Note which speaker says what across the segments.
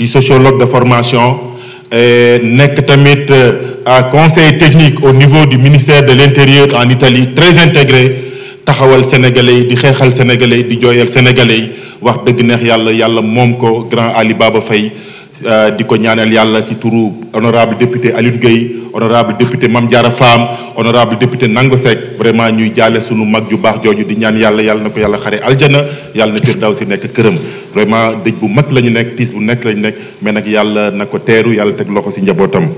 Speaker 1: di sociologue de formation nekk tamit euh, à conseil technique au niveau du ministère de l'intérieur en Italie très intégré taxawal sénégalais yi di xeexal sénégalais yi di jooyal sénégalais yi wax dëgg neex yàlla yàlla moom ko grand Ali Baba Faye euh, di ko ñaanal yàlla ci turu honorable député Alioune Gueye honorable député Mame Diarra Fam honorable député Nango Seck vraiment ñuy jaale sunu mag ju baax jooju di ñaan yàlla yàlla na ko yàlla xare aljana yàlla na firdawsi nekk këram vraiment dëj bu mag la ñu nekk tiis bu nekk lañu nekk mais nag yàlla na ko teeru yàlla teg loxo ci njabootam.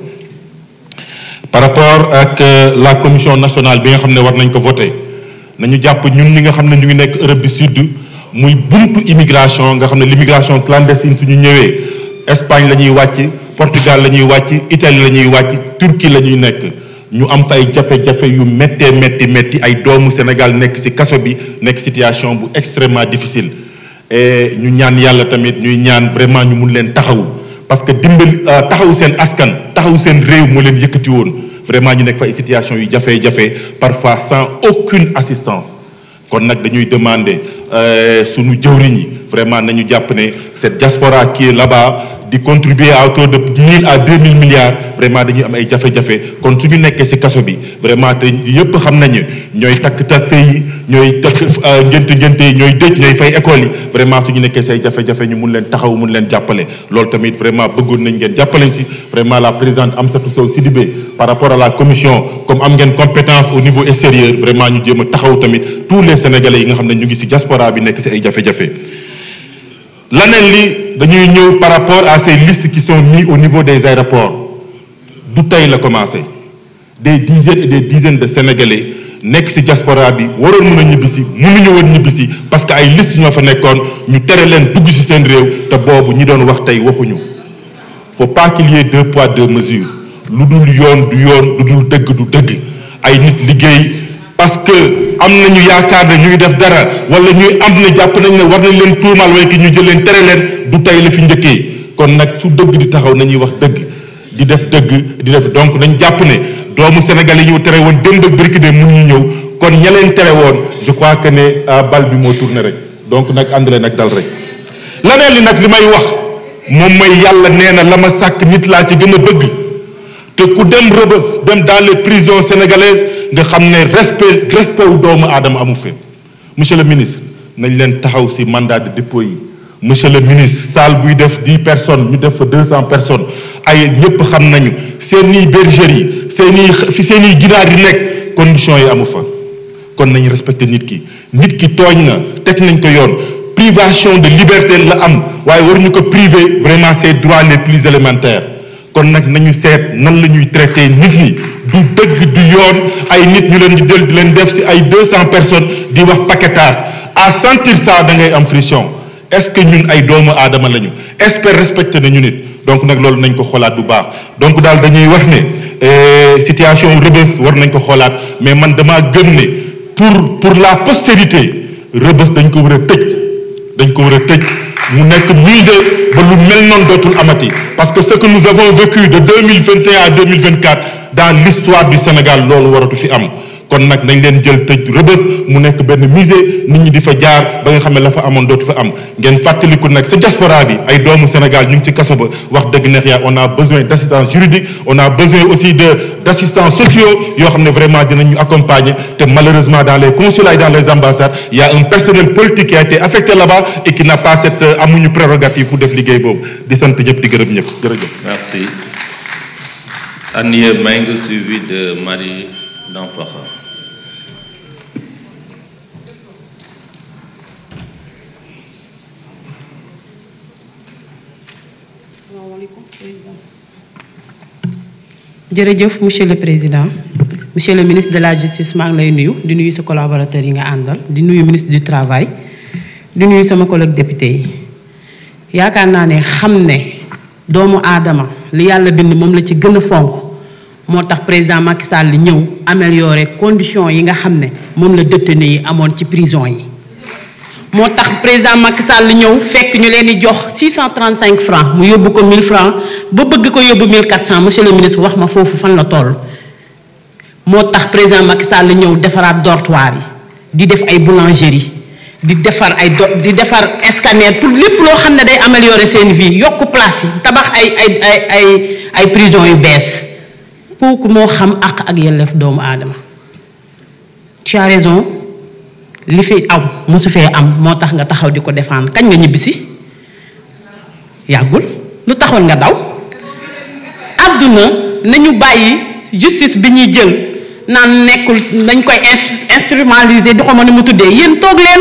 Speaker 1: par rapport ak euh, la commission nationale bi nga xam ne war nañ ko voté nañu jàpp ñun ñi nga xam ne ñu ngi nekk Europe du Sud muy buntu immigration nga xam ne l'immigration clandestine suñu ñëwee Espagne la ñuy wàcc Portugal la ñuy wàcc Italie la ñuy wàcc Turquie la ñuy nekk ñu am fa ay jafe-jafe yu méttee métti métti ay doomu Sénégal nekk ci kaso bi nekk situation bu extrêmement difficile et ñu ñaan yàlla tamit ñuy ñaan vraiment ñu mun leen taxawu parce que dimbali euh, taxawu seen askan taxawu seen réew moo leen yëkkati woon vraiment ñu nekk fa situation yu jafe-jafe parfois sans aucune assistance kon nag dañuy demander euh, suñu jëwriñ yi vraiment nañu jàpp ne cette diaspora qui est di contribuer à hauteur de mille milliards vraiment dañuy am ay jafe-jafe kon su ñu nekkee ci kaso bi vraiment te yëpp xam nañu ñooy takk taxe yi ñooy takk euh, ngénte ngénte yi ñooy dëj ñooy fay école yi vraiment su ñu nekkee say jafe-jafe ñu mun leen taxaw mun leen jàppale loolu tamit vraiment bëggoon nañ ngeen jàppale ci vraiment la présidente Amsatou Sow Sidibé par rapport à la commission comme am ngeen compétence au niveau extérieur vraiment ñu jéem a taxaw tamit tous les sénégalais yi nga xam ne ñu ngi ci diaspora bi nekk ci ay jafe dañuy ñëw par rapport à ces listes qui sont au niveau des aéroports du tey la commencé des dizaines et des dizaines de sénégalais nekk ci diaspora bi waroon mën a ñibbisi mënuñu woon ñibbisi parce que ay liste ñoo fa nekkoon ñu tere leen dugg ci seen réew te boobu ñi doon wax tey waxuñu faut pas qu'il y ait deux poids deux mesures lu dul yoon du yoon lu dul dëgg du dëgg ay nit liggéey parce que am nañu yaakaar ne ñuy def dara wala ñuy am na jàpp nañ ne war nañ leen tuumaal way ki ñu jël leen leen du tey la fi njëkkee kon nag su dëgg di taxaw nañuy wax dëgg di def dëgg di def donc nañ jàpp ne doomu Sénégal yi ñu tere woon démb ak barki dem mun ñu ñëw kon ña leen tere woon je crois que ne ah, bal bi moo tourné rek donc nag ànd leen ak dal rek. laneen li nag li may wax moom mooy yàlla nee na la ma sàkk nit laa ci gën a bëgg te ku dem Rebeuss dem dans les prisons sénégalaises nga xam ne respect respect doomu aadama amu fee monsieur le ministre nañ leen taxaw si mandat de dépôt yi. monsieur le ministre salle buy def dix personnes ñu def fa deux cent personnes ay ñëpp xam nañu seen i bergerie yi seen i fi seen i ginaar yi nekk conditions yi amu fa kon nañu respecté nit ki nit ki tooñ na teg nañ ko yoon privation de liberté la am waaye war ñu ko priver vraiment ses droits les plus élémentaires kon nag nañu seet nan la ñuy traité nit ñi du dëgg du yoon ay nit ñu leen di jël di leen def ci ay deux cent personnes di wax paquetage à sentir ça da ngay am frisson est-ce que ñun ay doomu aadama lañu est-ce que respecté nañu nit donc nag loolu nañ ko xoolaat bu baax donc daal dañuy wax ne eh, situation Rebeuss war nañ ko xoolaat mais man damaa gëm ne pour pour la postérité Rebeuss dañ ko war a tëj dañ ko war a tëj mu nekk musée ba lu mel noonu dootul amati parce que ce que nous avons vécu de deux mille vingt et un à deux mille vingt quatre dans l'histoire du Sénégal loolu waratu fi am. kon nag nañ leen jël tëj rëbës mu nekk benn musée nit ñi di fa jaar ba nga xam ne la fa amoon dootu fa am ngeen fàttaliku nag sa diaspora bi ay doomu Sénégal ñu ngi ci kaso ba wax dëgg neex yaa on a besoin d' juridique on a besoin aussi de d' sociaux yoo xam ne vraiment dinañu accompagner te malheureusement dans les consulats et dans les ambassades il y a un personnel politique qui a été affecté là-bas et cette euh, amuñu prérogative def liggéey boobu di sant ñëpp di gërëm ñëpp jërëjëf. merci. Annie Meng
Speaker 2: jërëjëf monsieur le président monsieur le ministre de la justice maa ngi lay nuyu di nuyu sa collaborateurs yi nga àndal di nuyu ministre du travail di nuyu sama collègue député yi yaakaar naa ne xam ne doomu aadama li yàlla bind moom la ci gën a fonk moo tax président Macky Sall ñëw améliorer conditions yi nga xam ne moom la détenu yi amoon ci prison yi moo tax président Macky lu ñëw fekk ñu leen di jox 635 francs mu yóbbu ko 1000 francs ba bëgg ko yóbbu 1400 mu ni ministre wax ma foofu fan la toll. moo tax président Macky Sall ñëw defaraat dortoir yi di def ay boulangerie di defar ay do di defar scanner pour lépp loo xam ne day améliorer seen vie yokk place yi tabax ay ay ay ay ay prison yu bees kooku moo xam àq ak yelleef doomu aadama tu li fi am mosu fee am moo tax nga taxaw di ko défendre kañ nga ñibbisi yàggul lu taxoon nga daw àdduna nañu bàyyi justice bi ñuy jël naan nekkul dañ koy instrumentaliser du xamoon ne mu tuddee yéen toog leen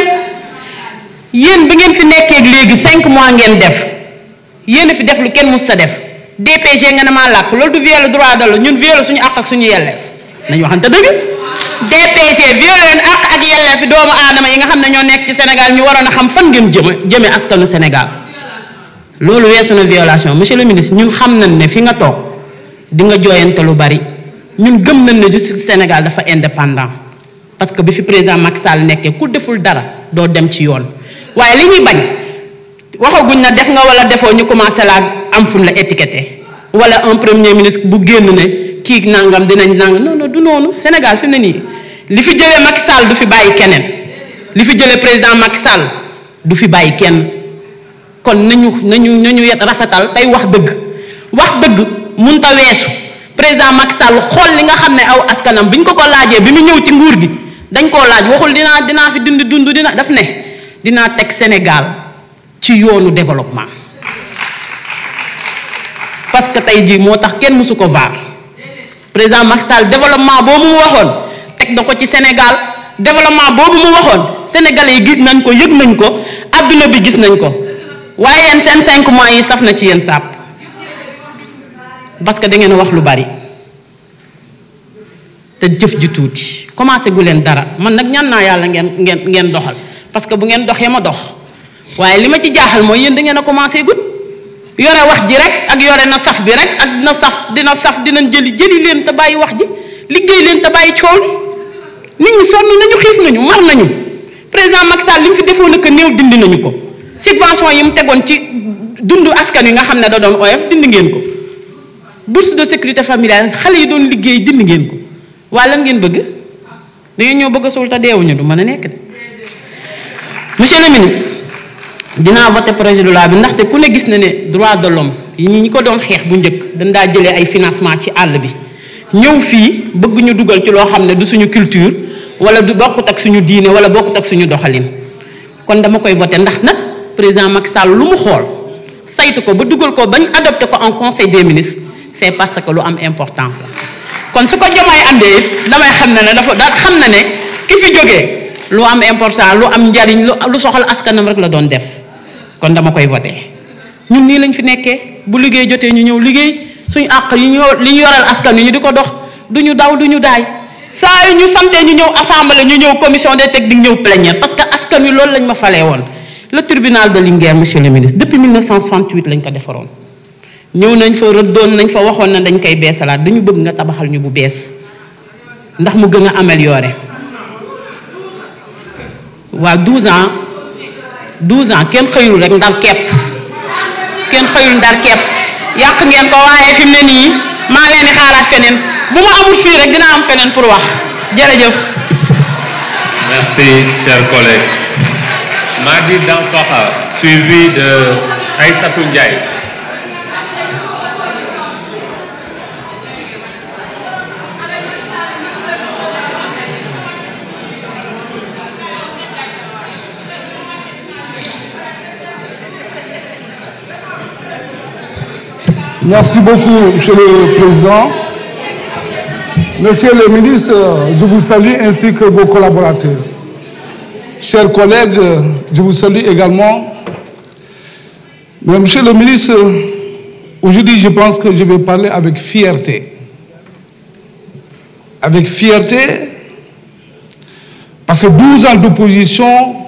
Speaker 2: yéen bi ngeen fi nekkeek léegi cinq mois ngeen def yéen a fi def lu kenn mos sa def DPG nga ne maa làkk loolu du viole droit de l'homme ñun viole suñu àq ak suñu yelleef nañu waxante dëgg DPG violé leen àq ak yelleefi doomu aadama yi nga xam ne ñoo nekk ci Sénégal ñu waroon a xam fan ngeen jëm jëme askanu Sénégal loolu weesu na violation monsieur le ministre ñun xam nañ ne fi nga toog di nga jooyante lu bari ñun gëm nañ ne justice Sénégal dafa indépendant parce que bi fi président Macky Sall nekkee ku deful dara doo dem ci yoon waaye li ñuy bañ waxaguñ na def nga wala defoo ñu commencé laa am fuñ la étiqueté wala un premier ministre bu génn ne kii nangam dinañ nangam non non du Sénégal fi mu nii li fi jëlee Macky Sall du fi bàyyi keneen li fi jëlee président Macky Sall du fi bàyyi kenn kon nañu nañu nañu rafetal tey wax dëgg wax dëgg mënta weesu président Macky Sall xool li nga xam ne aw askanam bi ñu ko ko laajee bi mu ñëw ci nguur gi dañ koo laaj waxul dinaa dinaa fi dund dund dina def ne dinaa teg Sénégal ci yoonu développement parce que tey jii moo tax kenn mësu ko vaar président Macky Sall développement boobu mu waxoon. teg da ko ci Sénégal développement boobu mu waxoon sénégalais yi gis nañ ko yëg nañ ko àdduna bi gis nañ ko waaye yéen seen cinq mois yi saf na ci yéen sàpp parce que da ngeen wax lu bari te jëf ji tuuti commencé gu leen dara man nag ñaan naa yàlla ngeen ngeen ngeen doxal parce que bu ngeen doxee ma dox waaye li ma ci jaaxal mooy yéen da ngeen a commencé gut yore wax ji rek ak yore na saf bi rek ak dina saf dina saf dinañ jëli jëli leen te bàyyi wax ji liggéey leen te nit ñi sonn nañu xiif nañu mar nañu président Macky Sall li mu fi defoon ak néew dindi nañu ko subvention yi mu tegoon ci dundu askan yi nga xam ne da doon oyof dindi ngeen ko bourse de sécurité familiale xale yi doon liggéey dindi ngeen ko waa lan ngeen bëgg dañoo ñëw bëgg a suul te deewuñu du mën a nekk de monsieur le ministre dinaa voté projet de loi bi ndaxte ku ne gis na ne droit de l'homme yi ñu ko doon xeex bu njëkk dañ daa jëlee ay financement ci àll bi ñëw fii bëgg ñu dugal ci loo xam ne du suñu culture wala du bokkut ak suñu diine wala bokkut ak suñu doxalin kon dama koy voté ndax nag président mac Sall lu mu xool sayt ko ba dugal ko bañ adopté ko en conseil des ministres c'est parce que lu am important la kon su ko jomaay andee it damay xam ne ne dafa daal xam na ne ki fi jógee lu am important lu am njariñ lu soxal askanam rek la doon def kon dama koy voté ñun nii lañ fi nekkee bu liggéey jotee ñu ñëw liggéey suñu àq yi ñu li ñu yoral askan wi ñu di ko dox du ñu daw du ñu daay saa yu ñu santee ñu ñëw assemblée ñu ñëw commission des techniques ñëw plénière parce que askan wi loolu lañ ma falee woon le tribunal de Linguère monsieur le ministre depuis lañ ko defaroon ñëw nañ fa rëddoon nañ fa waxoon na dañ koy beesalaat dañu bëgg nga tabaxal ñu bu bees ndax mu gën a amélioré waa 12 ans 12 ans kenn xëyul rek ndar kepp kenn xëyul ndar kepp yàq ngeen ko waaye fi ne nii rek dina am feneen pour wax jërëjëf.
Speaker 1: merci chers collègues. Mady Dampakha suivi de Aïssatou Ndiaye.
Speaker 2: Merci beaucoup, Monsieur le Président. Monsieur le ministre, je vous salue ainsi que vos collaborateurs. Chers collègues, je vous salue également. monsieur le ministre, aujourd'hui, je pense que je vais parler avec fierté.
Speaker 1: parce que 12 ans d'opposition